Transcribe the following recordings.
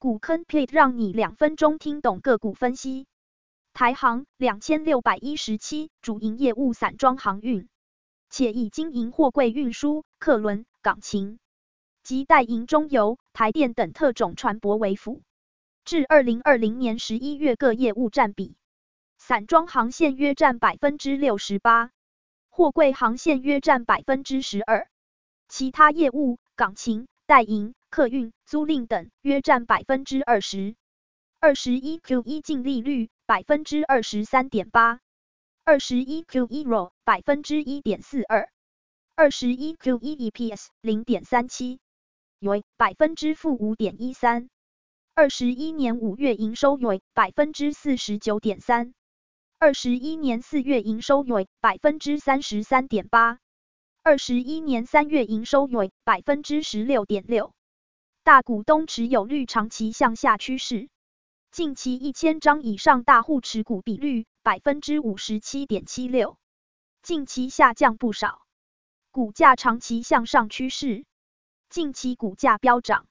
股坑 plate 讓你兩分鐘聽懂個股分析。台航兩千六百一十七主營業務散裝航運，且以經營貨櫃運輸、客輪、港勤及代營中油、台電等特種船舶為輔。至二零二零年十一月各業務佔比，散裝航線約佔百分之六十八，貨櫃航線約佔百分之十二，其他業務港勤。在營客運租賃等約占百分之二十。二十一 Q 一、e、淨利率百分之二十三點八，二十一 Q e RO 百分之一點四二，二十一 Q e EPS 零點三七，YoY 百分之負五點一三。二十一年五月營收 YoY 百分之四十九點三，二十一年四月營收 YoY 百分之三十三點八。二十一年三月營收為百分之十六點六，大股東持有率長期向下趨勢，近期一千張以上大戶持股比率百分之五十七點七六，近期下降不少。股價長期向上趨勢，近期股價飆漲。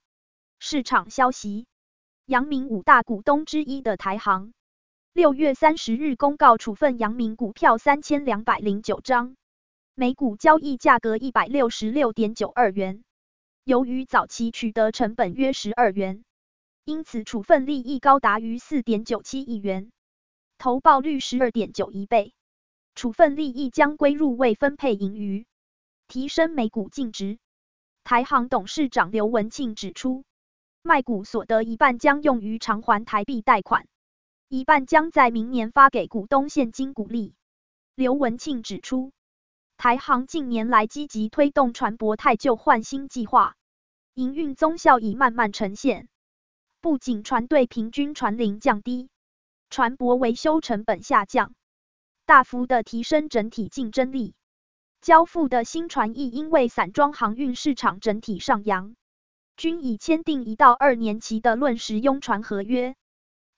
市場消息，陽明五大股東之一的台航，六月三十日公告處分陽明股票三千兩百零九張。每股交易價格一百六十六點九二元，由於早期取得成本約十二元，因此處分利益高達逾四點九七億元，投報率十二點九一倍，處分利益將歸入未分配盈餘，提升每股淨值。台航董事長劉文慶指出，賣股所得一半將用於償還台幣貸款，一半將在明年發給股東現金股利。劉文慶指出。台航近年來積極推動船舶汰舊換新計劃，營運綜效已慢慢呈現。不僅船隊平均船齡降低，船舶維修成本下降，大幅的提升整體競爭力。交付的新船亦因為散裝航運市場整體上揚，均已簽訂一到二年期的論時傭船合約，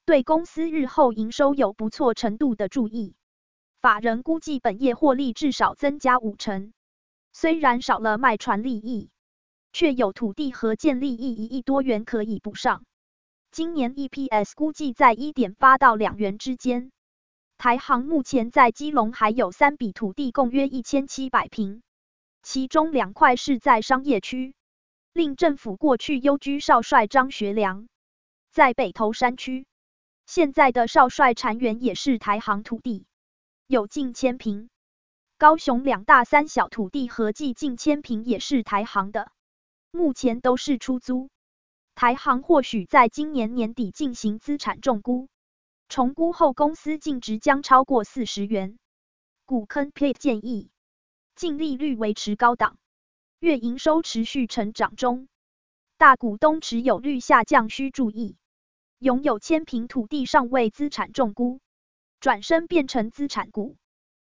對公司日後營收有不錯程度的助益。法人估計本業獲利至少增加五成，雖然少了賣船利益，卻有土地合建利益一億多元可以補上。今年 EPS 估計在一點八到兩元之間。台航目前在基隆還有三筆土地，共約一千七百坪，其中兩塊是在商業區，令政府過去幽居少帥張學良在北投山區，現在的少帥禪園也是台航土地。有近千坪，高雄兩大三小土地合計近千坪，也是台航的，目前都是出租。台航或許在今年年底進行資產重估，重估後公司淨值將超過四十元。股坑 Pay 建議，淨利率維持高檔，月營收持續成長中，大股東持有率下降需注意，擁有千坪土地尚未資產重估。轉身變成資產股。